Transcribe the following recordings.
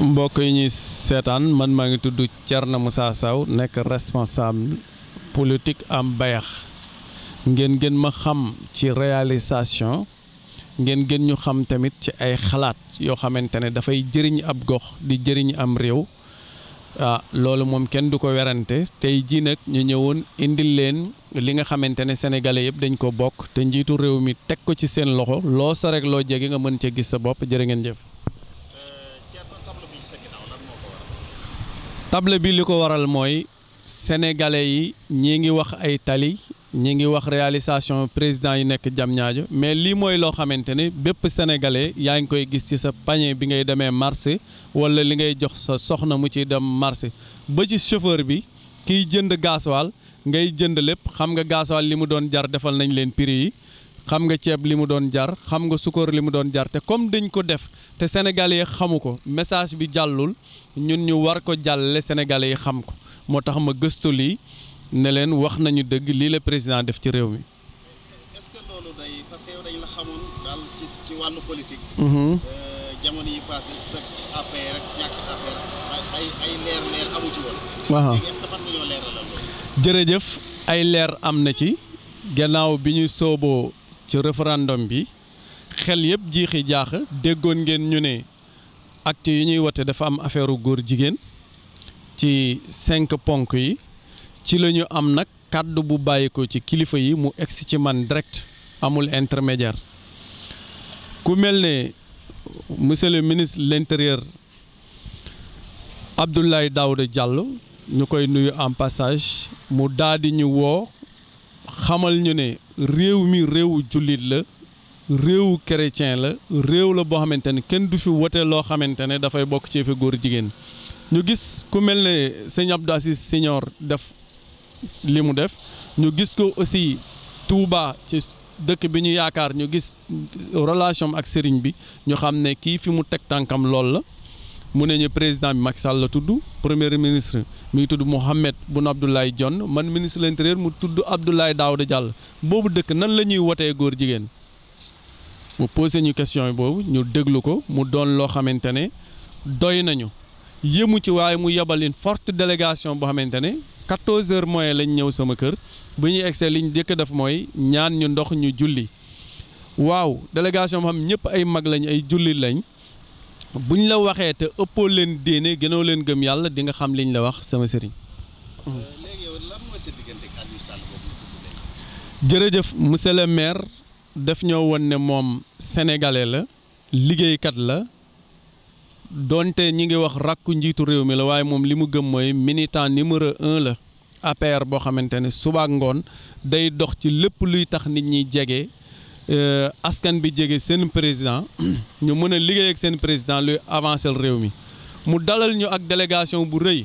mbokk yi ñuy seetaan man maa ngi tudd Thierno Moussa Sow nekk responsable politique am Bayax ngeen gën ma xam ci réalisation ngeen gën ñu xam tamit ci ay xalaat yoo xamante ne dafay jëriñ ab gox di jëriñ am réew ah loolu moom kenn du ko werante tey jii nag ñu ñëwoon indil leen li nga xamante ne sénégalais yëpp dañ ko bokk te njiitu réew mi teg ko ci seen loxo loo sa rek loo jege nga mën cee gis sa bopp jërë ngeen jëf. table bi li ko waral mooy sénégalais yi ñii ngi wax ay tali ñi ngi wax réalisation président yi nekk jam ñaajo mais lii mooy loo xamante ne bépp sénégalais yaa ngi koy gis ci sa panier bi ngay demee marché wala li ngay jox sa soxna mu ci dem marché ba ci chauffeur bi kiy jënd gasoil ngay jënd lépp xam nga gasoil li mu doon jar defal nañ leen prix yi xam nga ceeb li mu doon jar xam nga sukkoor li mu doon jar te comme dañ ko def te sénégalais xamu ko message bi jàllul ñun ñu war ko jàllale sénégalais yi xam ko moo tax ma gëstu lii ne leen wax nañu dëgg lii la président def ci réew mi. est-ce mhm. euh, ay leer jërëjëf ay leer am na ci gannaaw bi ñu sooboo. ci référendum bi xel yëpp jiixi jaax déggoon ngeen ñu ne acte yi ñuy wote dafa am affaire góor jigéen ci cinq ponk yi ci la ñu am nag kàddu bu bàyyi ko ci kilifa yi mu egsi ci man direct amul intermédiaire ku mel ne monsieur ministre l' intérieur Abdoulaye Daouda Diallo ñu koy nuyu en passage mu daal di ñu woo xamal ñu ne réew mi réewu jullit la réewu chrétien la réew la boo xamante ne kenn du fi wote loo xamante ne dafay bokk ci fi góor jigéen ñu gis ku mel ne sëñ Abdou Aziz Senior def li mu def ñu gis ko aussi Touba ci dëkk bi ñu yaakaar ñu gis relation ak sëriñ bi ñu xam ne kii fi mu teg tànkam lool la mu ne ñu président bi Macky Sall la tudd premier ministre mi ngi tudd Mohamed Boun Abdoulaye Dionne man ministre de mu tudd Abdoulaye Daouda jàll boobu dëkk nan la ñuy wotee góor jigéen mu posé ñu question boobu ñu déglu ko mu doon loo xamante ne doy nañu yëmu ci waaye mu yebal une forte délégation boo xamante ne 14 heures mooy lañ ñëw sama kër bu ñuy egsee liñ jëkk def mooy ñaan ñu ndox ñu julli waaw délégation boo xam ñëpp ay mag lañ ay julli lañ. buñ la waxee te ëppoo leen déene gënoo leen gëm yàlla dinga nga xam liñ la wax sama sëriñ. jërëjëf monsieur le maire daf ñoo woon ne moom sénégalais la liggéeykat la doonte ñi ngi wax rakku njiitu réew mi la waaye moom li mu gëm mooy militant numéro un la APR boo xamante ne suba ngoon day dox ci lépp luy tax nit ñi jege. Euh, askan bi jege seen président ñu mën a liggéey ak seen président luy avancer réew mi mu dalal ñu ak délégation bu rëy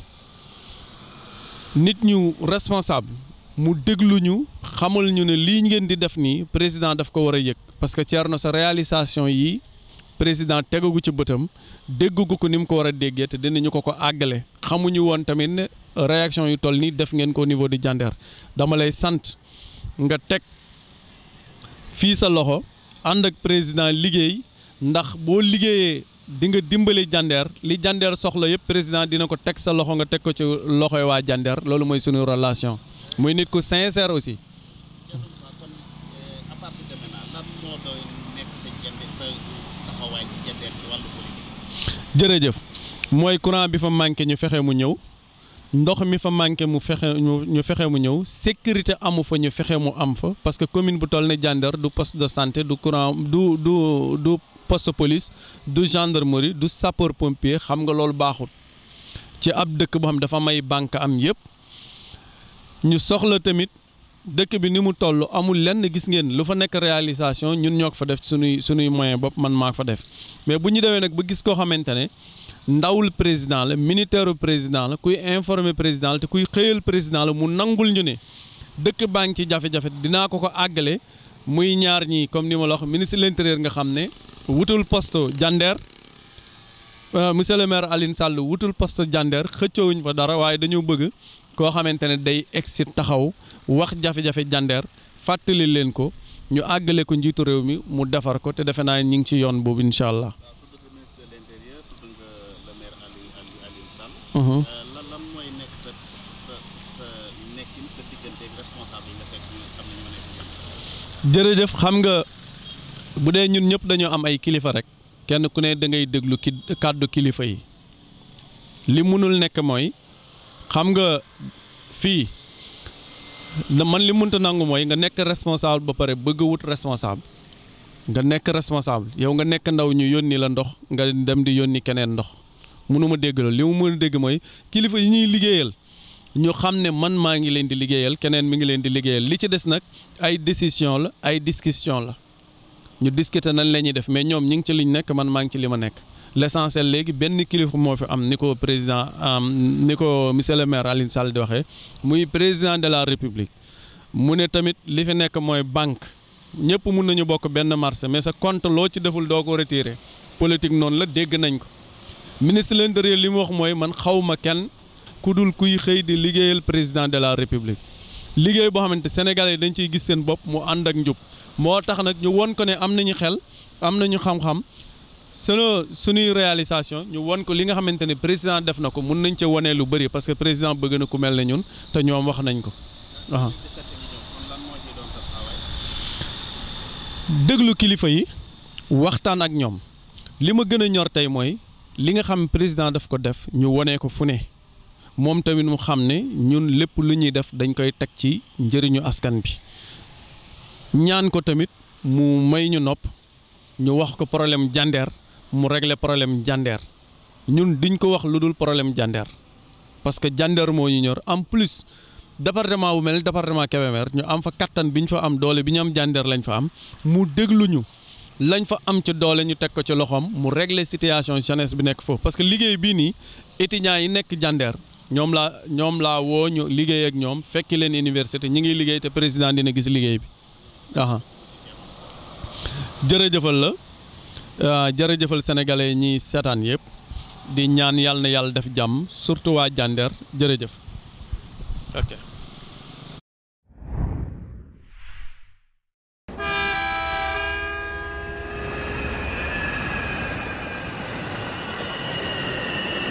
nit ñu responsable mu déglu ñu xamal ñu ne lii ngeen di def nii président daf ko war a yëg parce que na sa réalisation yi président tegagu ci bëtam déggagu ko ni mu ko war a déggee te dinañu ko ko àggale xamuñu woon tamit ne réaction yu toll nii def ngeen ko niveau du Diender dama lay sant nga teg fii sa loxo ànd ak président liggéey ndax boo liggéeyee di nga dimbali Jandeer li Jandeer soxla yëpp président dina ko teg sa loxo nga teg ko ci loxo yi waa Jandeer loolu mooy sunu relation muy nit ku sincère aussi. jërëjëf mooy courant bi fa manqué ñu fexe mu ñëw. ndox mi fa manqué mu fexe ñu fexe mu ñëw sécurité amu fa ñu fexe mu am fa parce que commune bu toll ne Diender du poste de santé du courant du du du poste police du gendarmerie du sapor pompier xam nga loolu baaxul ci ab dëkk boo xam dafa may banque am yëpp ñu soxla tamit dëkk bi ni mu toll amul lenn gis ngeen lu fa nekk réalisation ñun ñoo ko fa def sunuy sunuy moyen bopp man maa fa def mais bu ñu demee nag ba gis koo xamante ne. ndawul président la militaire président la kuy informer président la te kuy xëyal président la mu nangul ñu ne dëkk baa ngi ci jafe-jafe dinaa ko ko àggale muy ñaar ñii comme ni ma la wax ministre l'intérieur nga xam ne wutul poste jandeer euh, monsieur le maire Aline Sall wutul poste jandeer xëccoowuñ fa dara waaye dañoo bëgg koo xamante ne day exit taxaw wax jafe-jafe jandeer fàttali leen ko ñu àggale ko njiitu réew mi mu defar ko te defe naa ñu ngi ci yoon boobu incha allah. Mm-hmm. Euh, lan lan mooy xam jërëjëf xam nga bu dee ñun ñëpp dañoo am ay kilifa rek kenn ku ne da ngay déglu ki kàddu kilifa yi li munul nekk mooy xam nga fii man li munta nangu mooy nga nekk responsable ba pare bëgg wut responsable nga nekk responsable yow nga nekk ndaw ñu yónni la ndox nga dem di yónni keneen ndox mënu ma dégg loolu li mu mën dégg mooy kilifa yi ñuy liggéeyal ñu xam ne man maa ngi leen di liggéeyal keneen mi ngi leen di liggéeyal li ci des nag ay décision la ay discussion la ñu discuter nan la ñuy def mais ñoom ñi ngi ci liñ nekk man maa ngi ci li ma nekk l'essentiel léegi benn kilifa moo fi am ni ko président ni ko monsieur le maire Alioune Sall di waxee muy président de la république mu ne tamit li fi nekk mooy banque ñëpp mun nañu bokk benn marché mais sa compte loo ci deful doo ko retirer politique noonu la dégg nañ ko ministre leen l'intérieur li mu wax mooy man xawma kenn ku dul kuy xëy di liggéeyal président de la république liggéey boo xamante sénégalais yi dañ ciy gis seen bopp mu ànd ak njub moo tax nag ñu won ko ne am nañu xel am nañu xam-xam sunu suñuy réalisation ñu won ko li nga xamante ne président def na ko mun nañ ca wonee lu bëri parce que président bëgg na ku mel ne ñun te ñoom wax nañ ko waaw déglu kilifa yi waxtaan ak ñoom li ma gën a ñor tey mooy li nga xam président daf ko def ñu wone ko fu ne moom tamit mu xam ne ñun lépp lu ñuy def dañ koy teg ci njëriñu askan bi ñaan ko tamit mu may ñu nopp ñu wax ko problème jandeer mu régler problème jàndeer ñun duñ ko wax lu dul problème jandeer parce que jandeer moo ñu ñor en plus département bu mel département Kébémer ñu am fa kattan bi ñu fa am doole bi ñu am jandeer lañ fa am mu dégluñu lañ fa am ci doole ñu teg ko ci loxoom mu régler situation jeunesse bi nekk foofu parce que liggéey bii nii étudiants yi nekk Jandeer ñoom laa ñoom laa woo ñu liggéey ak ñoom fekki leen université ñi ngi liggéey te président dina gis liggéey bi aha jërëjëfal la euh, jërëjëfal sénégalais yi ñiy seetaan yëpp di ñaan yàlla na yàlla def jàmm surtout waa Jandeer jërëjëf ok